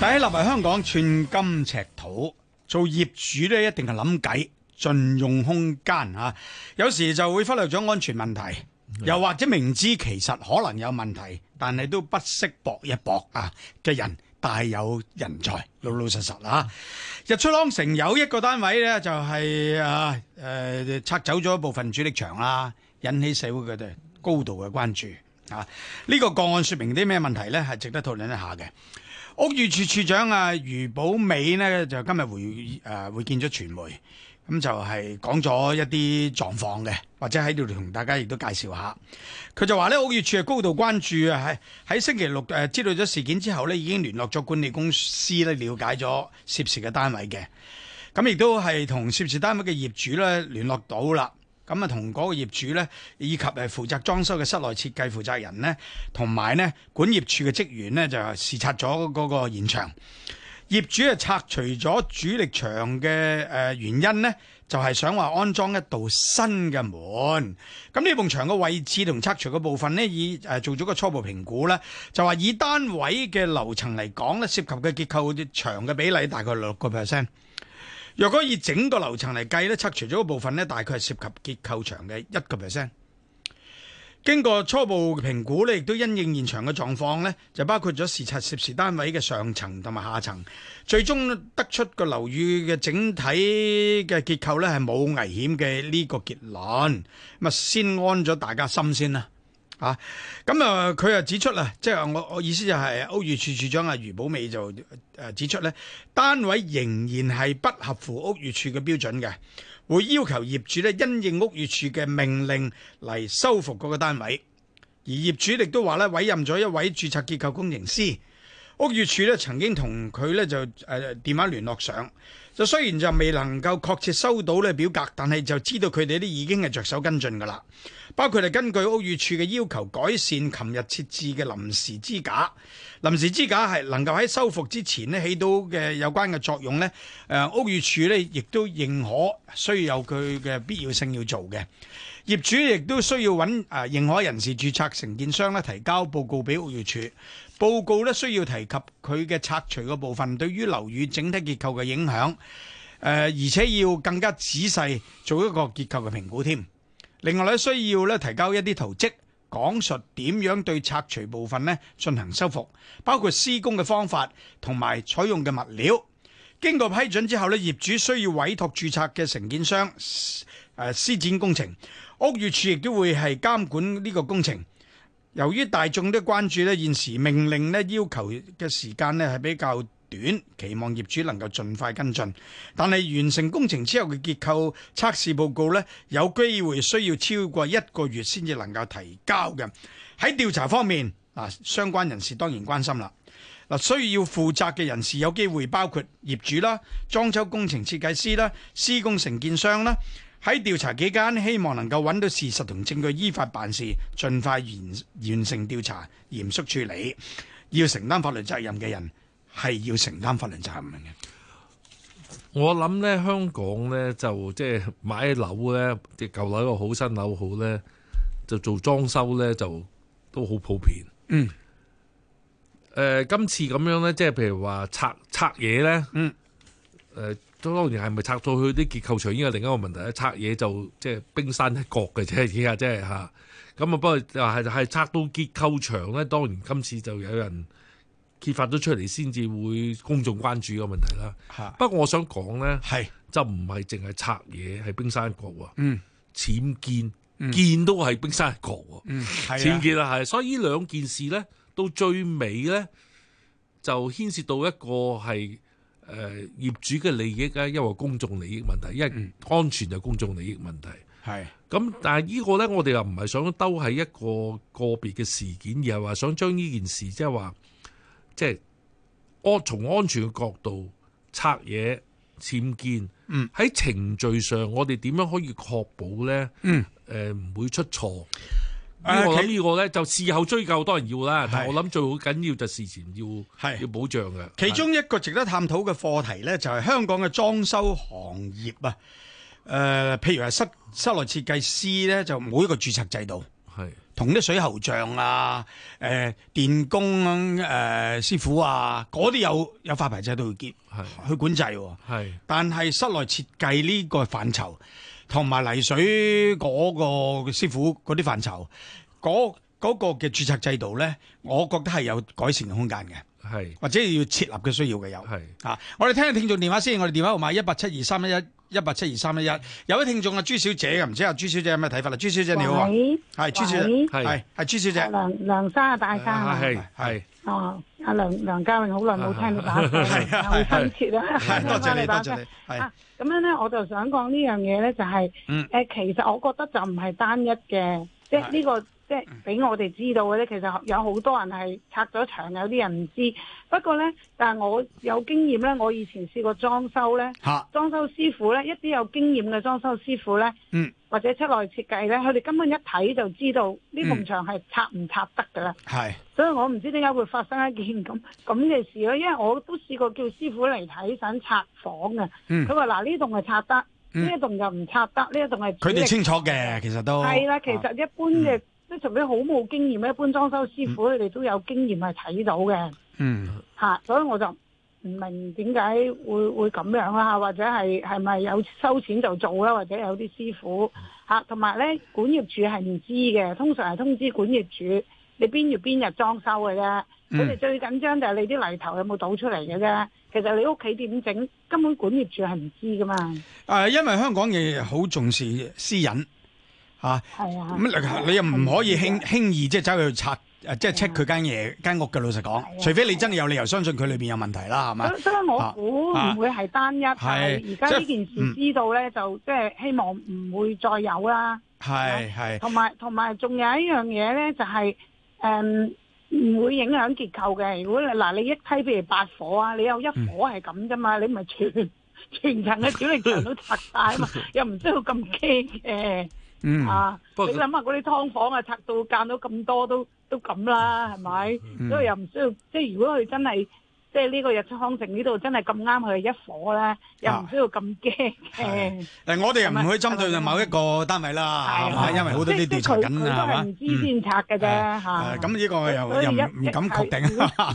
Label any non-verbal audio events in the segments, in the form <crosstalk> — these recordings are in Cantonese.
第一，立喺香港寸金尺土，做業主咧一定係諗計、盡用空間啊。有時就會忽略咗安全問題，又或者明知其實可能有問題，但係都不惜搏一搏啊嘅人大有人在，老老實實啦。日出康城有一個單位咧，就是，就係誒誒拆走咗一部分主力牆啦，引起社會嘅高度嘅關注啊。呢，這個個案說明啲咩問題呢？係值得討論一下嘅。屋宇處處長啊，余寶美呢，就今日會誒會見咗傳媒，咁就係講咗一啲狀況嘅，或者喺度同大家亦都介紹下。佢就話呢，屋宇處係高度關注，喺喺星期六誒、呃、知道咗事件之後呢，已經聯絡咗管理公司咧，了解咗涉事嘅單位嘅，咁亦都係同涉事單位嘅業主咧聯絡到啦。咁啊，同嗰個業主咧，以及誒負責裝修嘅室內設計負責人呢，同埋呢管業處嘅職員呢，就視察咗嗰個現場。業主啊，拆除咗主力牆嘅誒原因呢，就係想話安裝一道新嘅門。咁呢埲牆嘅位置同拆除嘅部分呢，已做咗個初步評估呢，就話以單位嘅樓層嚟講呢，涉及嘅結構牆嘅比例大概六個 percent。若果以整個樓層嚟計咧，拆除咗個部分呢，大概係涉及結構牆嘅一個 percent。經過初步評估呢，亦都因應現場嘅狀況呢，就包括咗視察涉事單位嘅上層同埋下層，最終得出個樓宇嘅整體嘅結構呢係冇危險嘅呢個結論，咁啊先安咗大家心先啦。啊，咁啊，佢、呃、又指出啦，即係我我意思就係屋宇署署長阿余寶美就、呃、指出咧，單位仍然係不合乎屋宇署嘅標準嘅，會要求業主咧，因應屋宇署嘅命令嚟修復嗰個單位，而業主亦都話咧委任咗一位註冊結構工程師。屋宇署咧曾經同佢咧就誒電話聯絡上，就雖然就未能夠確切收到呢表格，但係就知道佢哋已經係着手跟進噶啦。包括係根據屋宇署嘅要求改善琴日設置嘅臨時支架，臨時支架係能夠喺修復之前呢起到嘅有關嘅作用呢。誒屋宇署呢亦都認可需要有佢嘅必要性要做嘅，業主亦都需要搵誒認可人士、註冊承建商咧提交報告俾屋宇署。報告咧需要提及佢嘅拆除嘅部分對於樓宇整體結構嘅影響，誒而且要更加仔細做一個結構嘅評估添。另外咧需要咧提交一啲圖則，講述點樣對拆除部分咧進行修復，包括施工嘅方法同埋採用嘅物料。經過批准之後咧，業主需要委託註冊嘅承建商誒施展工程，屋宇署亦都會係監管呢個工程。由於大眾的關注咧，現時命令咧要求嘅時間咧係比較短，期望業主能夠盡快跟進。但係完成工程之後嘅結構測試報告呢，有機會需要超過一個月先至能夠提交嘅。喺調查方面，相關人士當然關心啦。嗱需要負責嘅人士有機會包括業主啦、裝修工程設計師啦、施工承建商啦。喺調查期間，希望能夠揾到事實同證據，依法辦事，盡快完完成調查，嚴肅處理，要承擔法律責任嘅人係要承擔法律責任嘅。我諗呢香港呢，就即係買樓咧，啲舊樓好，新樓好呢，就做裝修呢，就都好普遍。嗯。誒、呃，今次咁樣呢，即係譬如話拆拆嘢呢。嗯。誒。都當然係咪拆到佢啲結構牆，已經係另一個問題咧。拆嘢就即係冰山一角嘅啫，而家即係嚇。咁啊，不過就係就係拆到結構牆咧。當然今次就有人揭發咗出嚟，先至會公眾關注個問題啦。嚇！不過我想講咧，係就唔係淨係拆嘢係冰山一角喎。嗯，僭建建、嗯、都係冰山一角喎。嗯，係啊，僭建啊，係。所以呢兩件事咧，到最尾咧，就牽涉到一個係。誒業主嘅利益咧，因為公眾利益問題，因為安全就公眾利益問題。係咁，但係呢個呢，我哋又唔係想兜係一個個別嘅事件，而係話想將呢件事即係話，即係安從安全嘅角度拆嘢僭建。嗯、喺程序上，我哋點樣可以確保呢？嗯、呃、唔會出錯。呢、嗯，這個呢個咧就事後追究當然要啦，但我諗最好緊要就事前要要保障嘅。其中一個值得探討嘅課題咧，就係、是、香港嘅裝修行業啊。誒、呃，譬如係室室內設計師咧，就冇一個注冊制度，係同啲水喉匠啊、誒、呃、電工誒、呃、師傅啊，嗰啲有有發牌制度去結去管制。係，但係室內設計呢個範疇。同埋泥水嗰個師傅嗰啲範疇，嗰、嗰個嘅註冊制度咧，我覺得係有改善嘅空間嘅，或者要設立嘅需要嘅有。嚇、啊，我哋聽下聽眾電話先，我哋電話號碼 1872311, 1872311, 一八七二三一一一八七二三一一。有位聽眾啊，朱小姐，唔知阿朱小姐有咩睇法啦？朱小姐你好，係朱小姐，係係朱小姐，梁梁生啊，大家好，係係。啊阿梁梁嘉榮，好耐冇聽你把聲，好 <laughs> 親切你把聲你啊！歡迎翻嚟打字。咁樣咧，我就想講呢樣嘢咧，就、嗯、係其實我覺得就唔係單一嘅、嗯，即係呢、呢個即係俾我哋知道嘅咧。其實有好多人係拆咗牆，有啲人唔知。不過咧，但我有經驗咧，我以前試過裝修咧，裝修師傅咧，一啲有經驗嘅裝修師傅咧、啊，嗯。或者室內設計咧，佢哋根本一睇就知道呢埲牆係拆唔拆得㗎喇。係、嗯，所以我唔知點解會發生一件咁咁嘅事咯。因為我都試過叫師傅嚟睇想拆房嘅，佢話嗱呢棟係拆得，呢、嗯、一棟就唔拆得，呢、嗯、一棟係。佢哋清楚嘅，其實都係啦。其實一般嘅，即、啊、係、嗯、除非好冇經驗，一般裝修師傅佢哋、嗯、都有經驗係睇到嘅。嗯，吓，所以我就。唔明點解會會咁樣啊，或者係係咪有收錢就做啦，或者有啲師傅吓，同埋咧管業處係唔知嘅，通常係通知管業處你邊月邊日裝修嘅啫，佢哋最緊張就係你啲泥頭有冇倒出嚟嘅啫。其實你屋企點整，根本管業處係唔知噶嘛。誒、啊，因為香港嘢好重視私隱吓，係啊，咁、嗯、你又唔可以輕輕易即係走去拆。誒，即係 check 佢間嘢間屋嘅，老實講、啊，除非你真係有理由相信佢裏邊有問題啦，係咪？所以我估唔會係單一。係而家呢件事知道咧、嗯，就即係希望唔會再有啦。係、啊、係。同埋同埋，仲有，有，有一樣嘢咧，就係、是、誒，唔、嗯、會影響結構嘅。如果你嗱，你一梯譬如八火啊，你有一火係咁啫嘛，你咪全全層嘅主力牆都拆晒啊嘛，又唔需要咁驚嘅。嗯啊，不你諗下嗰啲劏房啊，拆到間到咁多都都咁啦，係咪、嗯？所以又唔需要，即係如果佢真係，即係呢個日出康城呢度真係咁啱佢一伙咧、啊，又唔需要咁驚嘅。我哋又唔可以針對某一個單位啦，係咪？因為好多啲調查緊都係唔知先拆嘅啫，咁呢個又，所以又唔敢確定啊！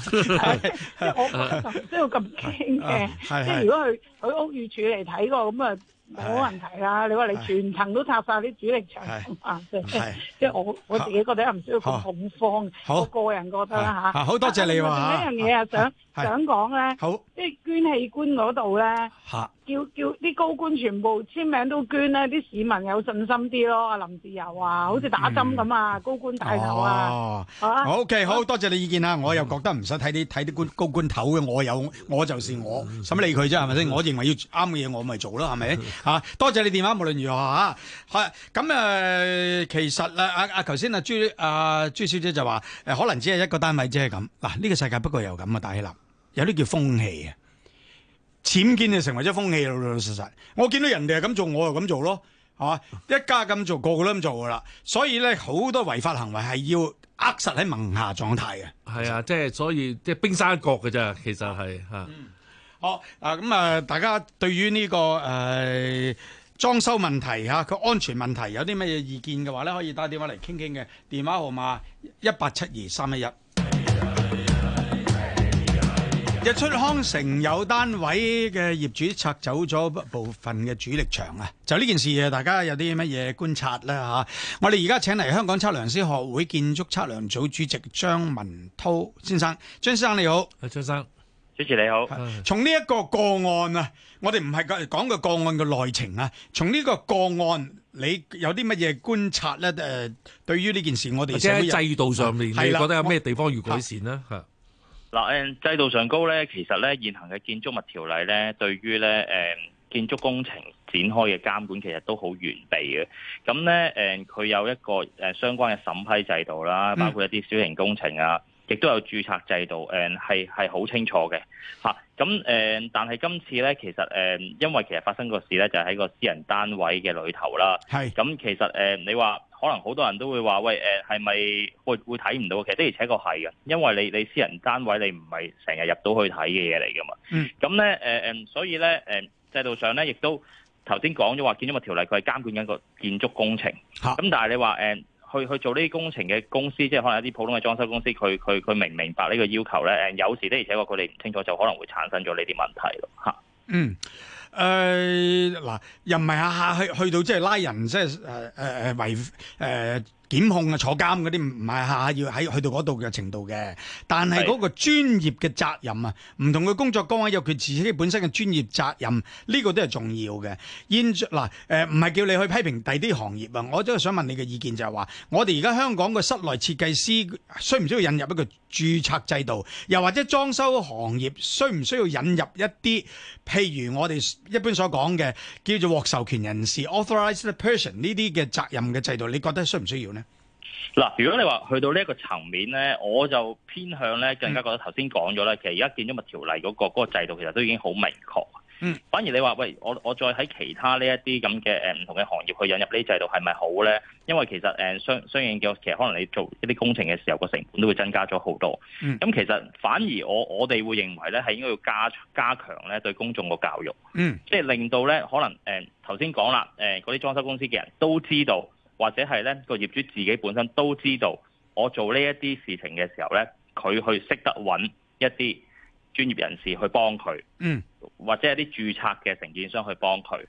即係我唔需要咁驚嘅。即係如果佢佢屋宇署嚟睇過咁啊。冇問題啦，你話你全層都拆晒啲主力牆？啊，即係即係我我自己覺得唔需要咁恐慌。好，我個人覺得啦吓，好、啊、多謝你啊！有樣嘢啊，啊，想想講咧，即係捐器官嗰度咧，叫叫啲高官全部簽名都捐咧，啲市民有信心啲咯。林志游啊，好似打針咁啊，高官大頭啊，好、哦啊、OK，好多謝你意見啊、嗯！我又覺得唔使睇啲睇啲官高官頭嘅，我有我就是我，使、嗯、乜理佢啫？係咪先？我認為要啱嘅嘢我咪做咯，係咪？啊！多謝你電話，無論如何吓，係咁誒。其實咧，阿阿頭先朱阿、啊、朱小姐就話誒、啊，可能只係一個單位，即係咁嗱。呢、這個世界不過又咁啊！但係有啲叫風氣啊！僭建就成為咗風氣，老老實實，我見到人哋係咁做，我就咁做咯，係、啊、嘛？一家咁做，個個都咁做噶啦。所以咧，好多違法行為係要扼實喺萌芽狀態嘅。係啊，即係所以即係冰山一角嘅啫。其實係吓。好啊，咁啊，大家對於呢、這個誒、呃、裝修問題嚇，個安全問題有啲乜嘢意見嘅話咧，可以打電話嚟傾傾嘅，電話號碼一八七二三一一。Hey, hey, hey, hey, hey, hey. 日出康城有單位嘅業主拆走咗部分嘅主力牆啊！就呢件事大家有啲乜嘢觀察咧嚇？我哋而家請嚟香港測量師學會建築測量組主席張文滔先生，張先生你好。誒，張生。主持你好，從呢一個個案啊，我哋唔係講個個案嘅內情啊，從呢個個案，你有啲乜嘢觀察咧？誒，對於呢件事，我哋即係喺制度上面，啊，你覺得有咩地方要改善呢？嗱、啊，誒、啊啊，制度上高咧，其實咧現行嘅建築物條例咧，對於咧，誒，建築工程展開嘅監管其實都好完備嘅。咁、嗯、咧，誒，佢有一個誒相關嘅審批制度啦，包括一啲小型工程啊。亦都有註冊制度，誒係係好清楚嘅嚇咁誒，但係今次咧，其實誒、嗯，因為其實發生個事咧，就喺、是、個私人單位嘅裏頭啦。咁、嗯嗯，其實誒、嗯，你話可能好多人都會話，喂係咪、呃、會會睇唔到？其實的而且確係嘅，因為你你私人單位，你唔係成日入到去睇嘅嘢嚟噶嘛。嗯。咁咧誒所以咧、嗯、制度上咧亦都頭先講咗話，建築物條例佢係監管緊個建築工程嚇咁、嗯、但係你話誒？嗯去去做呢啲工程嘅公司，即係可能一啲普通嘅裝修公司，佢佢佢明唔明白呢個要求咧，誒有時咧，而且我佢哋唔清楚，就可能會產生咗呢啲問題咯嚇。嗯，誒、呃、嗱，又唔係下下去去到即係拉人，即係誒誒誒違誒。呃檢控啊，坐監嗰啲唔係下下要喺去到嗰度嘅程度嘅，但係嗰個專業嘅責任啊，唔同嘅工作崗位有佢自己本身嘅專業責任，呢、這個都係重要嘅。嗱，唔係叫你去批評第啲行業啊，我都想問你嘅意見就係話，我哋而家香港嘅室內設計師需唔需要引入一個註冊制度，又或者裝修行業需唔需要引入一啲，譬如我哋一般所講嘅叫做獲授權人士 a u t h o r i z e d person） 呢啲嘅責任嘅制度，你覺得需唔需要呢？嗱，如果你話去到呢一個層面咧，我就偏向咧更加覺得頭先講咗咧，其實而家建築物條例嗰個嗰個制度其實都已經好明確。嗯。反而你話喂，我我再喺其他呢一啲咁嘅誒唔同嘅行業去引入呢啲制度係咪好咧？因為其實誒相相應嘅，其實可能你做一啲工程嘅時候個成本都會增加咗好多。嗯。咁、嗯、其實反而我我哋會認為咧係應該要加加強咧對公眾個教育。嗯。即係令到咧可能誒頭先講啦，誒嗰啲裝修公司嘅人都知道。或者係咧個業主自己本身都知道，我做呢一啲事情嘅時候咧，佢去識得揾一啲專業人士去幫佢，嗯，或者係啲註冊嘅承建商去幫佢。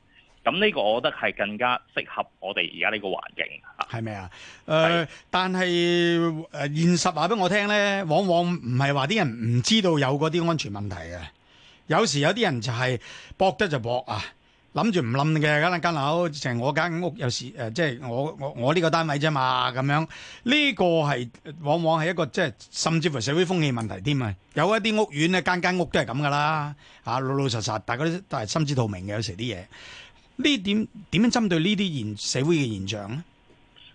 咁呢個我覺得係更加適合我哋而家呢個環境嚇，係咪啊？誒、呃，但係誒現實話俾我聽咧，往往唔係話啲人唔知道有嗰啲安全問題嘅，有時候有啲人就係搏得就搏啊。諗住唔冧嘅，嗰兩間樓，成我間屋有時誒、呃，即係我我我呢個單位啫嘛，咁樣呢、呢個係往往係一個即係甚至乎社會風氣問題添啊！有一啲屋苑咧，間間屋都係咁噶啦，吓，老老實實，大家都都係心知肚明嘅，有時啲嘢。呢點點樣針對呢啲現社會嘅現象咧？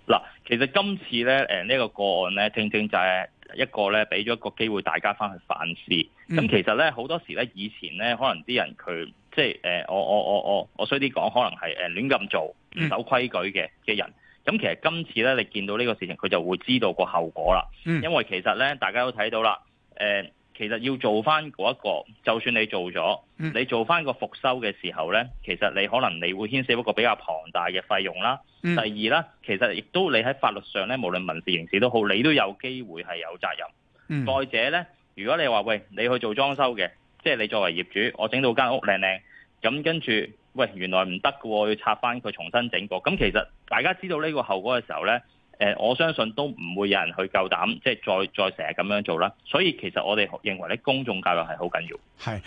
嗱，其實今次咧，誒、這、呢個個案咧，正正就係一個咧，俾咗一個機會大家翻去反思。咁、嗯、其實咧，好多時咧，以前咧，可能啲人佢。即係誒、呃，我我我我我衰啲講，可能係誒、呃、亂咁做、唔守規矩嘅嘅人。咁、嗯、其實今次咧，你見到呢個事情，佢就會知道個後果啦、嗯。因為其實咧，大家都睇到啦，誒、呃，其實要做翻嗰一個，就算你做咗、嗯，你做翻個復修嘅時候咧，其實你可能你會牽涉一個比較龐大嘅費用啦。嗯、第二啦，其實亦都你喺法律上咧，無論民事、刑事都好，你都有機會係有責任。再、嗯、者咧，如果你話喂，你去做裝修嘅。即係你作為業主，我整到間屋靚靚，咁跟住，喂，原來唔得嘅喎，要拆翻佢重新整過。咁其實大家知道呢個後果嘅時候咧，誒、呃，我相信都唔會有人去夠膽，即係再再成日咁樣做啦。所以其實我哋認為咧，公眾教育係好緊要。係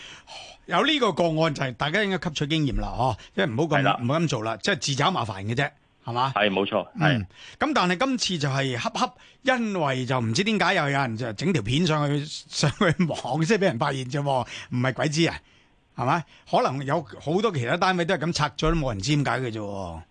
有呢個個案就係大家應該吸取經驗啦，嗬、啊，即係唔好咁唔好咁做啦，即係自找麻煩嘅啫。係嘛？係冇錯，係。咁、嗯、但係今次就係恰恰，因為就唔知點解又有人就整條片上去上去網，即係俾人發現啫，唔係鬼知啊？係咪？可能有好多其他單位都係咁拆咗，都冇人知點解嘅啫。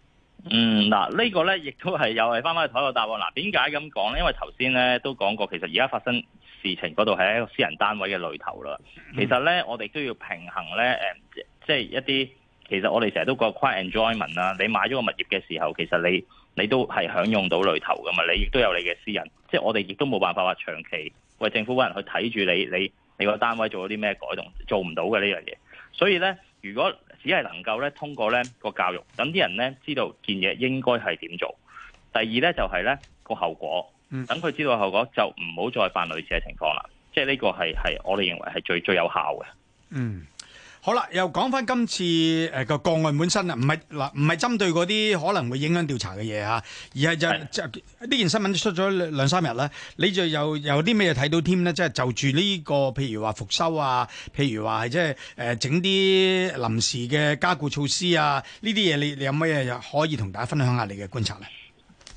嗯、嗱、這個、呢個咧亦都係又係翻返去睇個答案。嗱、啊，點解咁講咧？因為頭先咧都講過，其實而家發生事情嗰度係一個私人單位嘅裏頭啦、嗯。其實咧，我哋都要平衡咧，誒、呃，即係一啲。其實我哋成日都講 quiet enjoyment 啦，你買咗個物業嘅時候，其實你你都係享用到裏頭㗎嘛，你亦都有你嘅私人。即係我哋亦都冇辦法話長期為政府人去睇住你，你你個單位做咗啲咩改動，做唔到嘅呢樣嘢。所以呢，如果只係能夠呢通過呢個教育，等啲人呢知道件嘢應該係點做。第二呢，就係呢個後果，等佢知道後果就唔好再犯類似嘅情況啦。即係呢個係係我哋認為係最最有效嘅。嗯。好啦，又講翻今次誒個個案本身啊，唔係嗱，唔係針對嗰啲可能會影響調查嘅嘢嚇，而係就即係呢件新聞出咗兩三日咧，你就有有啲咩嘢睇到添咧？即係就住呢個譬如話復修啊，譬如話係即係誒整啲臨時嘅加固措施啊，呢啲嘢你你有咩嘢可以同大家分享下你嘅觀察咧？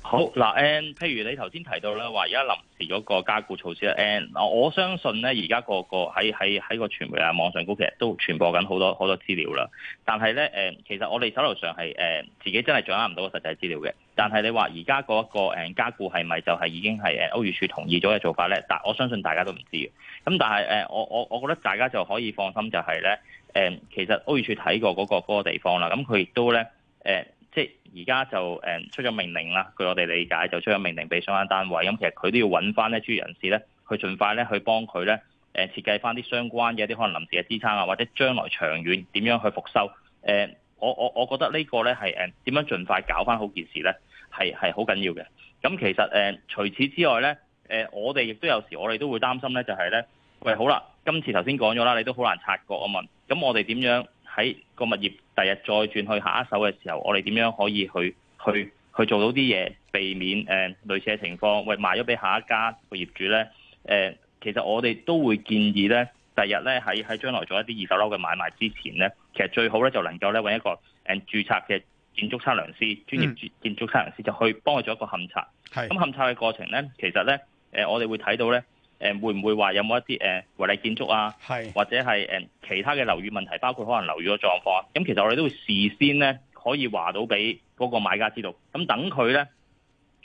好嗱，誒，譬如你頭先提到咧，話而家臨時嗰個加固措施咧，誒，我相信咧，而家個個喺喺喺個傳媒啊、網上嗰其實都傳播緊好多好多資料啦。但係咧，誒，其實我哋手頭上係誒自己真係掌握唔到個實際資料嘅。但係你話而家嗰個誒加固係咪就係已經係誒屋宇署同意咗嘅做法咧？但我相信大家都唔知嘅。咁但係誒，我我我覺得大家就可以放心，就係咧，誒，其實屋宇署睇過嗰個嗰個地方啦。咁佢亦都咧，呃即係而家就誒出咗命令啦，據我哋理解就出咗命令俾相關單位，咁其實佢都要搵翻咧專業人士咧去盡快咧去幫佢咧誒設計翻啲相關嘅一啲可能臨時嘅支撐啊，或者將來長遠點樣去復修誒？我我我覺得呢個咧係誒點樣盡快搞翻好件事咧係係好緊要嘅。咁其實誒除此之外咧誒，我哋亦都有時我哋都會擔心咧、就係，就係咧喂好啦，今次頭先講咗啦，你都好難察覺啊嘛，咁我哋點樣？喺個物業第日再轉去下一手嘅時候，我哋點樣可以去去去做到啲嘢，避免誒、呃、類似嘅情況？喂，賣咗俾下一家個業主咧，誒、呃，其實我哋都會建議咧，第日咧喺喺將來做一啲二手樓嘅買賣之前咧，其實最好咧就能夠咧揾一個誒、呃、註冊嘅建築測量師，mm. 專業建築測量師就去幫佢做一個勘測。係。咁勘測嘅過程咧，其實咧誒、呃，我哋會睇到咧。誒會唔會話有冇一啲誒違例建築啊？係或者係誒其他嘅樓宇問題，包括可能樓宇嘅狀況。咁其實我哋都會事先咧可以話到俾嗰個買家知道。咁等佢咧，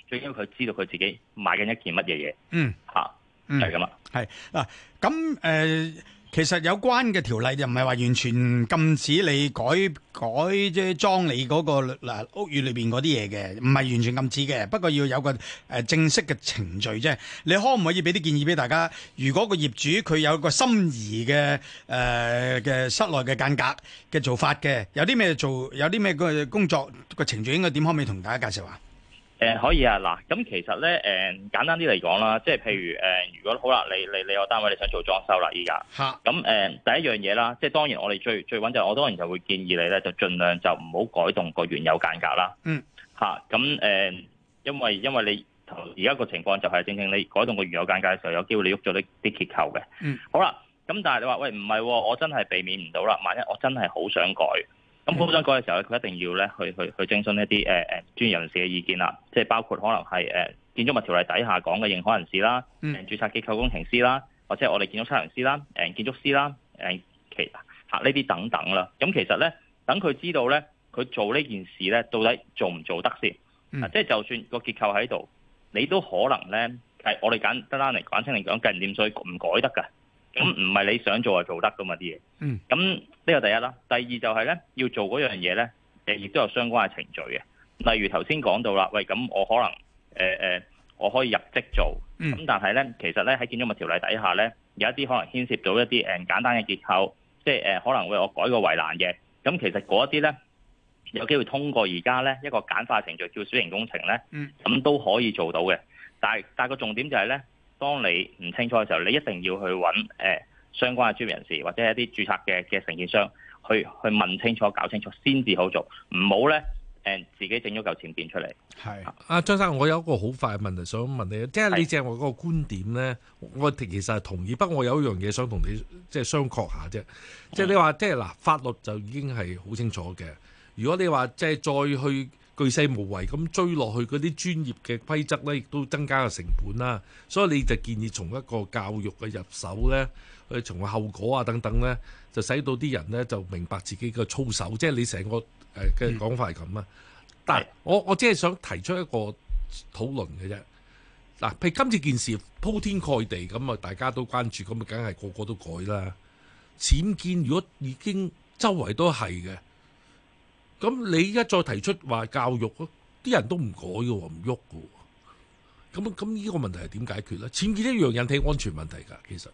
最緊要佢知道佢自己買緊一件乜嘢嘢。嗯，嚇、啊，係咁啦。係嗱，咁誒。其實有關嘅條例就唔係話完全禁止你改改即係裝你嗰個嗱屋宇裏邊嗰啲嘢嘅，唔係完全禁止嘅，不過要有個誒正式嘅程序啫。你可唔可以俾啲建議俾大家？如果個業主佢有個心儀嘅誒嘅室內嘅間隔嘅做法嘅，有啲咩做，有啲咩個工作個程序應該點，可唔可以同大家介紹啊？誒、嗯、可以啊，嗱咁其實咧，誒、嗯、簡單啲嚟講啦，即係譬如誒、嗯，如果好啦，你你你個單位你想做裝修啦，依家嚇，咁誒、嗯、第一樣嘢啦，即係當然我哋最最穩就我當然就會建議你咧，就盡量就唔好改動個原有間隔啦，嗯嚇，咁、啊、誒、嗯、因為因為你而家個情況就係正正你改動個原有間隔嘅時候，有機會你喐咗啲啲結構嘅，嗯，好啦，咁但係你話喂唔係喎，我真係避免唔到啦，萬一我真係好想改。咁改嘅時候，佢一定要咧去去去徵詢一啲誒誒專業人士嘅意見啦，即係包括可能係誒、呃、建築物條例底下講嘅認可人士啦，嗯、註冊結構工程師啦，或者我哋建築測量師啦，誒、呃、建築師啦，誒、呃、其嚇呢啲等等啦。咁其實咧，等佢知道咧，佢做呢件事咧，到底做唔做得先？嗯、即係就算個結構喺度，你都可能咧係我哋簡單啲嚟講清嚟講，計唔掂再唔改得㗎。咁唔係你想做就做得㗎嘛啲嘢，咁呢個第一啦。第二就係、是、咧，要做嗰樣嘢咧，亦都有相關嘅程序嘅。例如頭先講到啦，喂，咁我可能誒、呃呃、我可以入職做，咁、嗯、但係咧，其實咧喺建築物條例底下咧，有一啲可能牽涉到一啲誒、呃、簡單嘅結構，即係、呃、可能會我改個圍欄嘅，咁其實嗰一啲咧有機會通過而家咧一個簡化程序叫小型工程咧，咁、嗯、都可以做到嘅。但係但係個重點就係咧。當你唔清楚嘅時候，你一定要去揾誒、呃、相關嘅專業人士，或者一啲註冊嘅嘅承建商去去問清楚、搞清楚先至好做，唔好呢，誒、呃、自己整咗嚿錢變出嚟。係啊，張生，我有一個好快嘅問題想問你，即係呢隻我嗰個觀點呢，我其實係同意，不過我有一樣嘢想同你即係商榷下啫，即係你話、嗯、即係嗱法律就已經係好清楚嘅，如果你話即係再去。巨細無遺咁追落去，嗰啲專業嘅規則呢，亦都增加個成本啦。所以你就建議從一個教育嘅入手呢，從個後果啊等等呢，就使到啲人呢就明白自己嘅操守。即係你成個誒嘅講法係咁啊。但我我只係想提出一個討論嘅啫。嗱，譬如今次件事鋪天蓋地咁啊，大家都關注，咁啊，梗係個個都改啦。僭建如果已經周圍都係嘅。咁你依家再提出話教育，啲人都唔改嘅喎，唔喐嘅喎。咁咁呢個問題係點解決咧？僭建一樣人體安全問題㗎，其實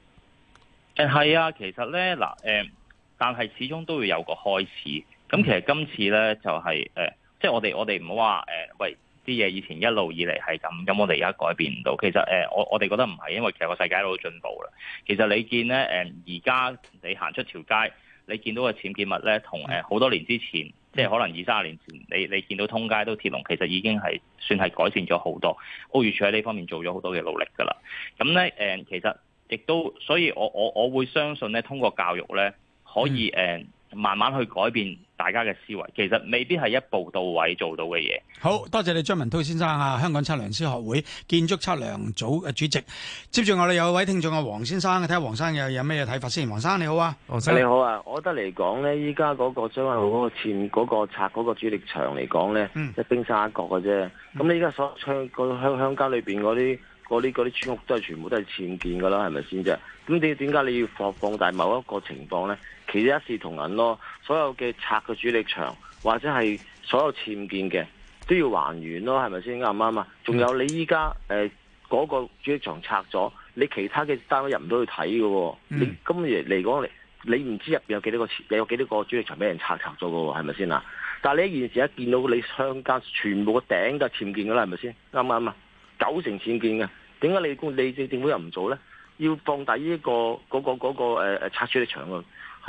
誒係啊，其實咧嗱誒，但係始終都要有個開始。咁其實今次咧就係、是、誒，即、就、係、是、我哋我哋唔好話誒，喂啲嘢以前一路以嚟係咁，咁我哋而家改變唔到。其實誒，我我哋覺得唔係，因為其實個世界一路進步啦。其實你見咧誒，而家你行出條街，你見到嘅僭建物咧，同誒好多年之前。嗯即係可能二三十年前，你你見到通街都鐵籠，其實已經係算係改善咗好多。屋宇署喺呢方面做咗好多嘅努力㗎啦。咁咧誒，其實亦都，所以我我我會相信咧，通過教育咧，可以誒。嗯慢慢去改變大家嘅思維，其實未必係一步到位做到嘅嘢。好多謝你張文滔先生啊，香港測量師學會建築測量組嘅、啊、主席。接住我哋有位聽眾阿黃先生，睇下黃生有有咩睇法先。黃生你好啊，黃生你好啊。我覺得嚟講咧，依家嗰個將軍澳嗰個僭嗰個拆嗰個主力牆嚟講咧，嗯即、冰山一角嘅啫。咁你依家所鄉個鄉鄉里裏邊嗰啲嗰啲嗰啲村屋都係全部都係僭建㗎啦，係咪先啫？咁點點解你要放放大某一個情況咧？其實一視同仁咯，所有嘅拆嘅主力牆或者係所有僭建嘅都要還原咯，係咪先啱唔啱啊？仲、嗯、有你依家誒嗰個主力牆拆咗，你其他嘅單位入唔到去睇嘅喎，你今日嚟講你你唔知入邊有幾多個有幾多個主力牆俾人拆拆咗嘅喎，係咪先啊？但係你現時，一見到你商家全部嘅頂部都僭建嘅啦，係咪先啱唔啱啊？九成僭建嘅，點解你你政政府又唔做咧？要放大呢、這、一個嗰、那個嗰、那個、呃、拆主力牆啊！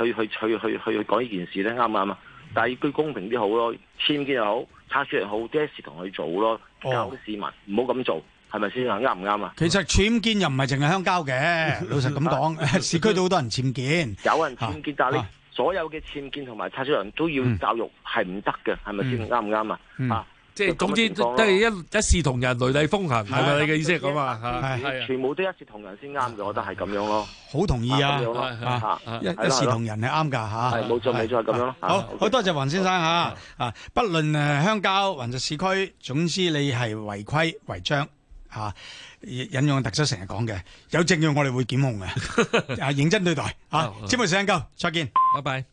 去去去去去講呢件事咧，啱唔啱啊？但係要公平啲好咯，僭建又好，拆出人好，啲事同佢做咯，教、哦、市民唔好咁做，係咪先啊？啱唔啱啊？其實僭建又唔係淨係鄉郊嘅， <laughs> 老實咁說講， <laughs> 市區都好多人僭建，有人僭建，啊、但係你所有嘅僭建同埋拆出人都要教育係唔得嘅，係咪先？啱唔啱啊？啊！即係總之都係一一視同仁，雷厲風行，係咪你嘅意思咁啊？係係，全部都一視同仁先啱嘅，我覺得係咁樣咯。好同意啊！一視同仁係啱噶吓。係冇錯，冇錯，咁樣咯。好，好多謝黃先生吓。啊，不論誒鄉郊還是市區，總之你係違規違章吓，引用特首成日講嘅，有證據我哋會檢控嘅，啊，認真對待吓。節目時間夠，再見，拜拜。